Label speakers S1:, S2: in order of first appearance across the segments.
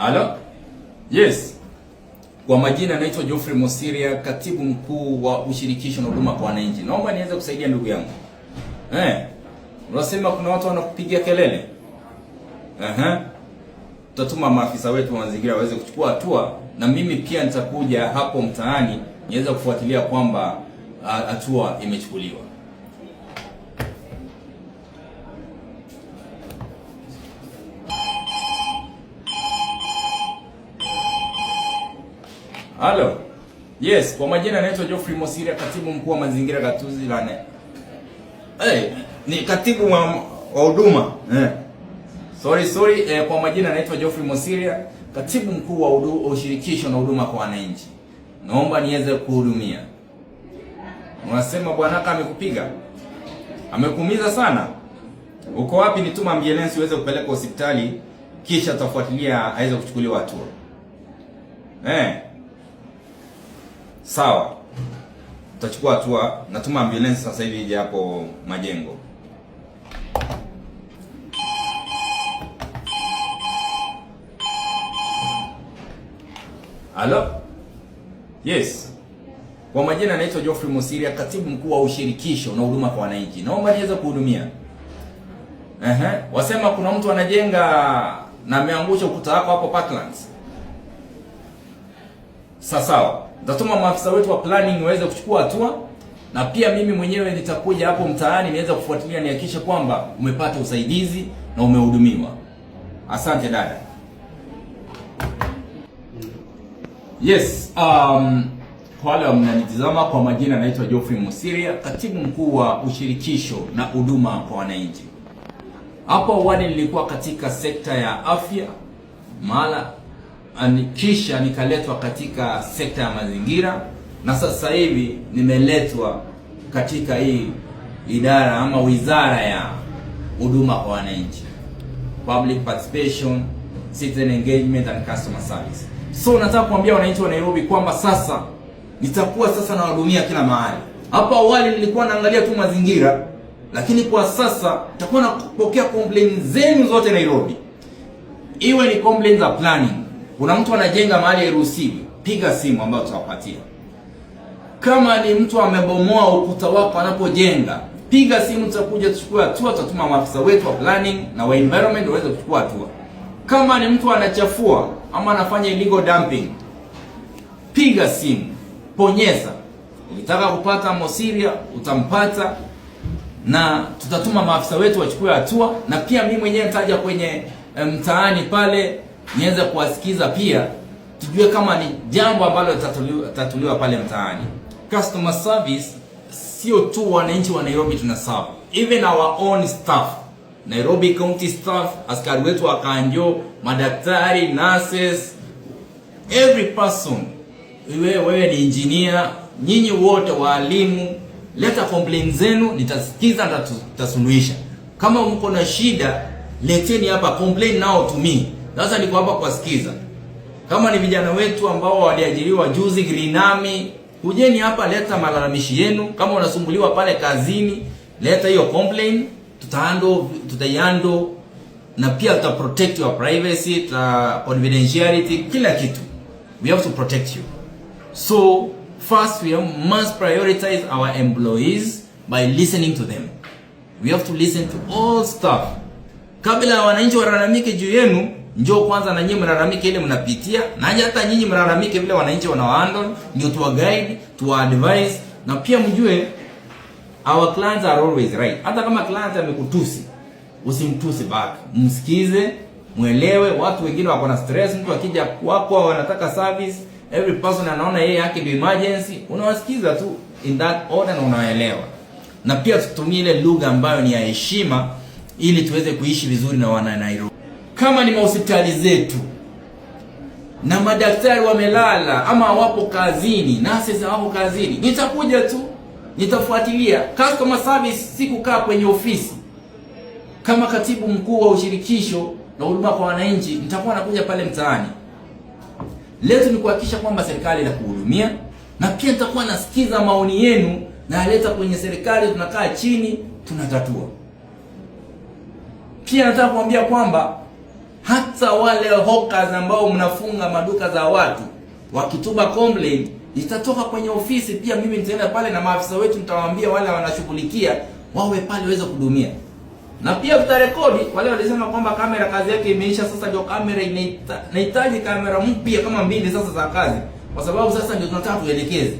S1: Halo? Yes. Kwa majina naitwa Geoffrey Mosiria, katibu mkuu wa ushirikisho na huduma kwa wananchi. Naomba niweze kusaidia ndugu yangu. Eh. Unasema kuna watu wanakupigia kelele. Aha. Tutatuma maafisa wetu wa mazingira waweze kuchukua hatua na mimi pia nitakuja hapo mtaani niweze kufuatilia kwamba ah, hatua imechukuliwa. Halo. Yes, kwa majina anaitwa Geoffrey Mosiria, katibu mkuu wa mazingira gatuzi la ne. Hey, ni katibu wa wa huduma. Eh. Sorry, sorry, eh, kwa majina anaitwa Geoffrey Mosiria, katibu mkuu wa ushirikisho na huduma kwa wananchi. Naomba niweze kuhudumia. Unasema bwana kama amekupiga? Amekuumiza sana? Uko wapi? Nituma ambulance iweze kupeleka hospitali kisha tafuatilia aweze kuchukuliwa hatua. Eh. Hey sawa, tutachukua hatua. Natuma ambulance sasa hivi ije hapo majengo. Halo, yes. Kwa majina naitwa Geoffrey Musiria, katibu mkuu wa ushirikisho na huduma kwa wananchi. Naomba niweze kuhudumia. Ehe, wasema kuna mtu anajenga na ameangusha ukuta wako hapo Parklands. Sasa sawa. Nitatuma maafisa wetu wa planning waweze kuchukua hatua, na pia mimi mwenyewe nitakuja hapo mtaani niweze kufuatilia, nihakikishe kwamba umepata usaidizi na umehudumiwa. Asante dada. Yes, um, kwa wale mnanitizama kwa majina, naitwa Geoffrey Musiria, katibu mkuu wa ushirikisho na huduma kwa wananchi. Hapo awali nilikuwa katika sekta ya afya mala kisha nikaletwa katika sekta ya mazingira, na sasa hivi nimeletwa katika hii idara ama wizara ya huduma kwa wananchi, public participation, citizen engagement and customer service. So nataka kuambia wananchi wa Nairobi kwamba sasa nitakuwa sasa nawahudumia kila mahali. Hapo awali nilikuwa naangalia tu mazingira, lakini kwa sasa nitakuwa napokea complaints zenu zote Nairobi, iwe ni complaints za planning kuna mtu anajenga mahali hairuhusiwi, piga simu ambayo tutawapatia. Kama ni mtu amebomoa ukuta wako anapojenga, piga simu, tutakuja tuchukue hatua. Tutatuma maafisa wetu wa planning na wa environment waweze kuchukua hatua. Kama ni mtu anachafua ama anafanya illegal dumping, piga simu, ponyeza. Ukitaka kupata Mosiria utampata, na tutatuma maafisa wetu wachukue hatua, na pia mimi mwenyewe nitaja kwenye eh, mtaani pale niweze kuwasikiza pia, tujue kama ni jambo ambalo litatuliwa pale mtaani. Customer service sio tu wananchi wa Nairobi tunaserve, even our own staff Nairobi County staff, askari wetu wa Kanjo, madaktari, nurses, every person, iwe wewe ni engineer, nyinyi wote walimu, leta complaint zenu, nitasikiza na tutasuluhisha. Kama mko na shida, leteni hapa, complain nao to me. Sasa niko hapa kuwasikiza, kama ni vijana wetu ambao waliajiriwa juzi Girinami, kujeni hapa, leta malalamishi yenu. Kama unasumbuliwa pale kazini, leta hiyo complain, tutaando tutaiando, na pia tuta protect your privacy, tuta confidentiality, kila kitu. We have to protect you, so first we must prioritize our employees by listening to them. We have to listen to all staff kabla wananchi walalamike juu yenu. Njoo kwanza na nyinyi mlalamike ile mnapitia, na hata nyinyi mlalamike vile wananchi wanawahandle, ndio tuwa guide, tuwa advise na pia mjue our clients are always right. Hata kama client amekutusi, usimtusi back. Msikize, mwelewe, watu wengine wako na stress, mtu akija kwako wanataka service, every person anaona yeye yake ni emergency. Unawasikiza tu in that order na unaelewa. Na pia tutumie ile lugha ambayo ni ya heshima ili tuweze kuishi vizuri na wana Nairobi kama ni mahospitali zetu na madaktari wamelala ama hawapo kazini, nurses hawako kazini, nitakuja tu nitafuatilia. Customer service si kwenye ofisi. Kama katibu mkuu wa ushirikisho na huduma kwa wananchi, nitakuwa nakuja pale mtaani. Letu ni kuhakikisha kwamba serikali inakuhudumia, na pia nitakuwa nasikiza maoni yenu naleta kwenye serikali, tunakaa chini tunatatua. Pia nataka kuambia kwamba hata wale hawkers ambao mnafunga maduka za watu wakituma complaint itatoka kwenye ofisi pia. Mimi nitaenda pale na maafisa wetu, nitawaambia wale wanashughulikia wawe pale waweze kudumia, na pia tutarekodi. Wale walisema kwamba kamera kazi yake imeisha, sasa ndio kamera inahitaji kamera mpya kama mbili sasa za kazi, kwa sababu sasa ndio tunataka tuelekeze,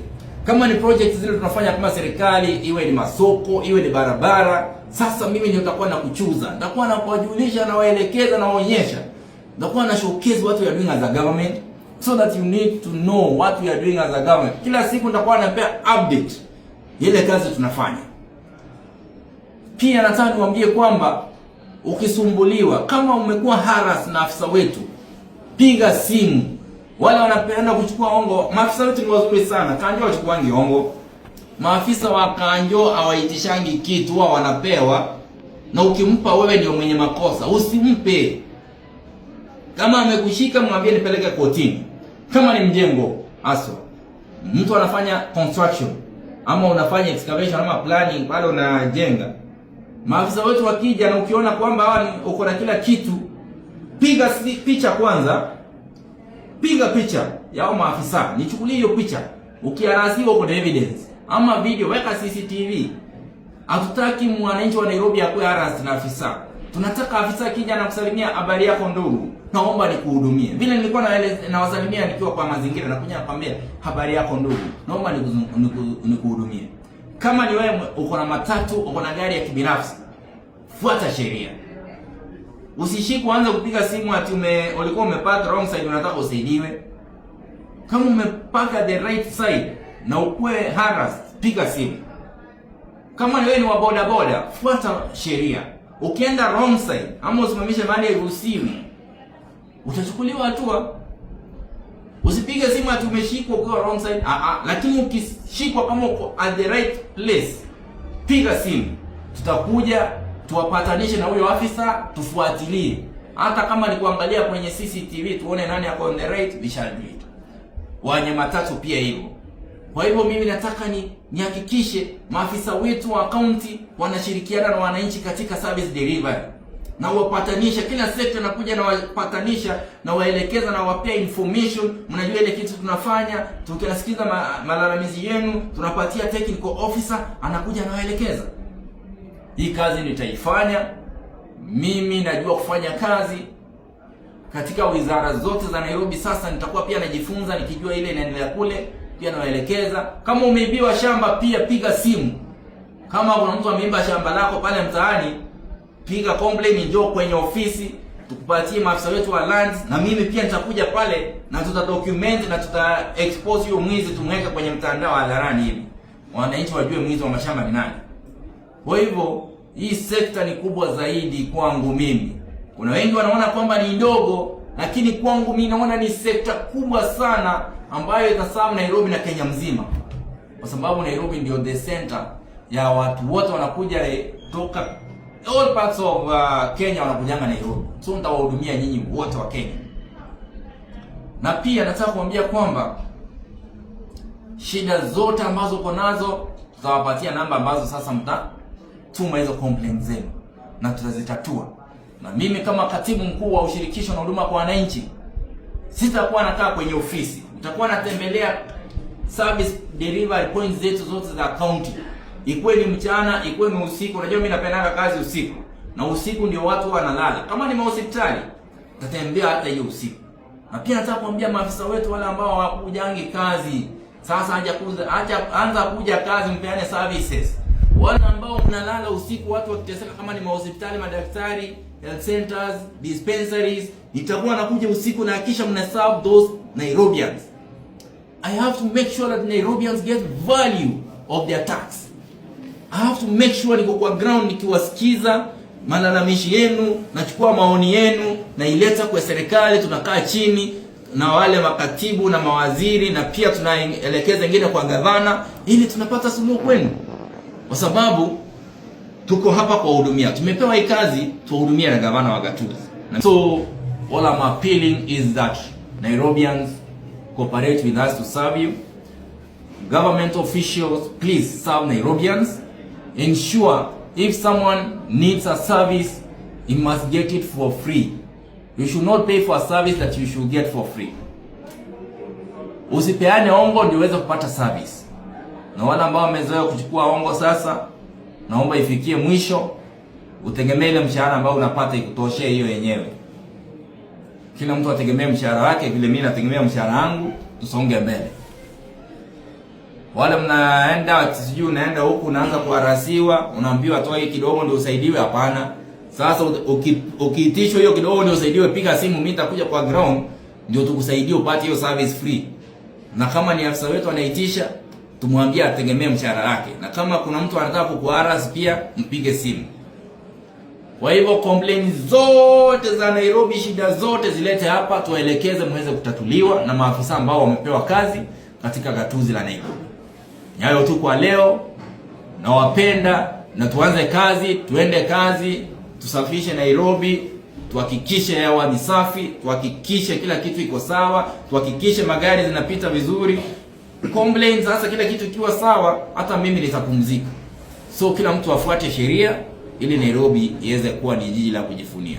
S1: kama ni project zile tunafanya kama serikali, iwe ni masoko, iwe ni barabara sasa mimi ndio nitakuwa nakuchuza, nitakuwa nakuwajulisha na waelekeza na waonyesha, nitakuwa na showcase what we are doing as a government so that you need to know what we are doing as a government. Kila siku nitakuwa napea update ile kazi tunafanya. Pia nataka niwaambie kwamba ukisumbuliwa kama umekuwa harass na afisa wetu, piga simu. Wale wanapenda kuchukua ongo, maafisa wetu ni wazuri sana, kanjua wachukuangi ongo. Maafisa wa kanjo hawaitishangi kitu, huwa wanapewa, na ukimpa wewe ndio mwenye makosa. Usimpe. Kama amekushika mwambie nipeleke kotini. Kama ni mjengo haswa, mtu anafanya construction ama unafanya excavation ama planning pale unajenga, maafisa wetu wakija na ukiona kwamba hawa uko na kila kitu, piga picha kwanza, piga picha yao maafisa, nichukulie hiyo picha, ukiarasiwa uko na evidence ama video, weka CCTV. Hatutaki mwananchi wa Nairobi akuwe harassed na afisa. Tunataka afisa kija na kusalimia, habari yako ndugu, naomba nikuhudumie. Vile nilikuwa nawasalimia nikiwa kwa mazingira, na kunya kwambia habari yako ndugu, naomba nikuhudumie. Kama ni wewe uko na matatu, uko na gari ya kibinafsi, fuata sheria. Usishiku kuanza kupiga simu ati ume, ulikuwa umepata wrong side, unataka usaidiwe. Kama umepaka the right side na ukuwe harassed, piga simu. Kama wewe ni wa boda boda, fuata sheria. Ukienda wrong side ama usimamishe mahali hairuhusiwi, utachukuliwa hatua. Usipige simu ati umeshikwa ukiwa wrong side. Ah ah, lakini ukishikwa kama uko at the right place, piga simu. Tutakuja tuwapatanishe na huyo afisa, tufuatilie. Hata kama ni kuangalia kwenye CCTV tuone nani ako on the right, we shall do it. Wanyama tatu pia hivyo. Kwa hivyo mimi nataka ni nihakikishe maafisa wetu wa kaunti wanashirikiana na wananchi katika service delivery na wapatanisha kila sekta nakuja na wapatanisha na waelekeza na wapea information. Mnajua ile kitu tunafanya, tukinasikiza ma, malalamizi yenu tunapatia technical officer anakuja anawaelekeza. Hii kazi nitaifanya mimi, najua kufanya kazi katika wizara zote za Nairobi. Sasa nitakuwa pia najifunza nikijua ile inaendelea kule pia nawaelekeza. Kama umeibiwa shamba, pia piga simu. Kama kuna mtu ameiba shamba lako pale mtaani, piga complain, njoo kwenye ofisi tukupatie maafisa wetu wa land, na mimi pia nitakuja pale na tuta document na tuta expose hiyo mwizi, tumweka kwenye mtandao hadharani hivi wananchi wajue mwizi wa mashamba ni nani. Kwa hivyo hii sekta ni kubwa zaidi kwangu mimi. Kuna wengi wanaona kwamba ni ndogo, lakini kwangu mimi naona ni sekta kubwa sana ambayo itasavu Nairobi na Kenya mzima, kwa sababu Nairobi ndio the center ya watu wote wanakuja toka all parts of uh, Kenya wanakujanga Nairobi, so nitawahudumia nyinyi wote wa Kenya. Na pia nataka kuambia kwamba shida zote ambazo uko nazo tutawapatia namba ambazo sasa mtatuma hizo complaints zenu na tutazitatua. Na mimi kama katibu mkuu wa ushirikisho na huduma kwa wananchi sitakuwa nakaa kwenye ofisi nitakuwa natembelea service delivery points zetu zote za county, ikuwe ni mchana, ikuwe ni usiku. Unajua mimi napendaga kazi usiku, na usiku ndio watu wanalala. Kama ni mahospitali, tatembea hata hiyo usiku. Na pia nataka kuambia maafisa wetu wale ambao hawakujangi kazi, sasa haja kuza, acha anza kuja kazi, mpeane services. Wale ambao mnalala usiku, watu wakiteseka, kama ni mahospitali, madaktari, health centers, dispensaries, nitakuwa nakuja usiku na kisha mnaserve those Nairobians. I have to make sure that Nairobians get value of their tax. I have to make sure niko kwa ground nikiwasikiza malalamishi yenu, nachukua maoni yenu, na ileta kwa serikali, tunakaa chini na wale makatibu na mawaziri na pia tunaelekeza wengine kwa gavana ili tunapata suluhu kwenu, kwa sababu tuko hapa kuwahudumia. Tumepewa hii kazi tuwahudumie na gavana wa Gatuzi. So all I'm appealing is that Nairobians cooperate with us to serve you. Government officials, please serve Nairobians. Ensure if someone needs a service, he must get it for free. You should not pay for a service that you should get for free. Usipeane ongo ndio kupata service. Na wale ambao wamezoea kuchukua ongo sasa, naomba ifikie mwisho, utegemee ile mshahara ambao unapata ikutoshe hiyo yenyewe. Kila mtu ategemee mshahara wake vile mimi nategemea mshahara wangu, tusonge mbele. Wala mnaenda sijui unaenda huku unaanza kuarasiwa, unaambiwa toa hii kidogo ndio usaidiwe. Hapana. Sasa ukiitishwa hiyo kidogo ndio usaidiwe, piga simu, mimi nitakuja kwa ground ndio tukusaidie upate hiyo service free. Na kama ni afisa wetu anaitisha, tumwambie ategemee mshahara wake. Na kama kuna mtu anataka kukuarasi pia, mpige simu. Kwa hivyo complain zote za Nairobi, shida zote zilete hapa, tuwaelekeze muweze kutatuliwa na maafisa ambao wamepewa kazi katika gatuzi la Nairobi. Hayo tu kwa leo, nawapenda na tuanze kazi, tuende kazi, tusafishe Nairobi, tuhakikishe hewa ni safi, tuhakikishe kila kitu iko sawa, tuhakikishe magari zinapita vizuri. Complain sasa, kila kitu ikiwa sawa, hata mimi nitapumzika. So kila mtu afuate sheria ili Nairobi iweze kuwa ni jiji la kujifunia.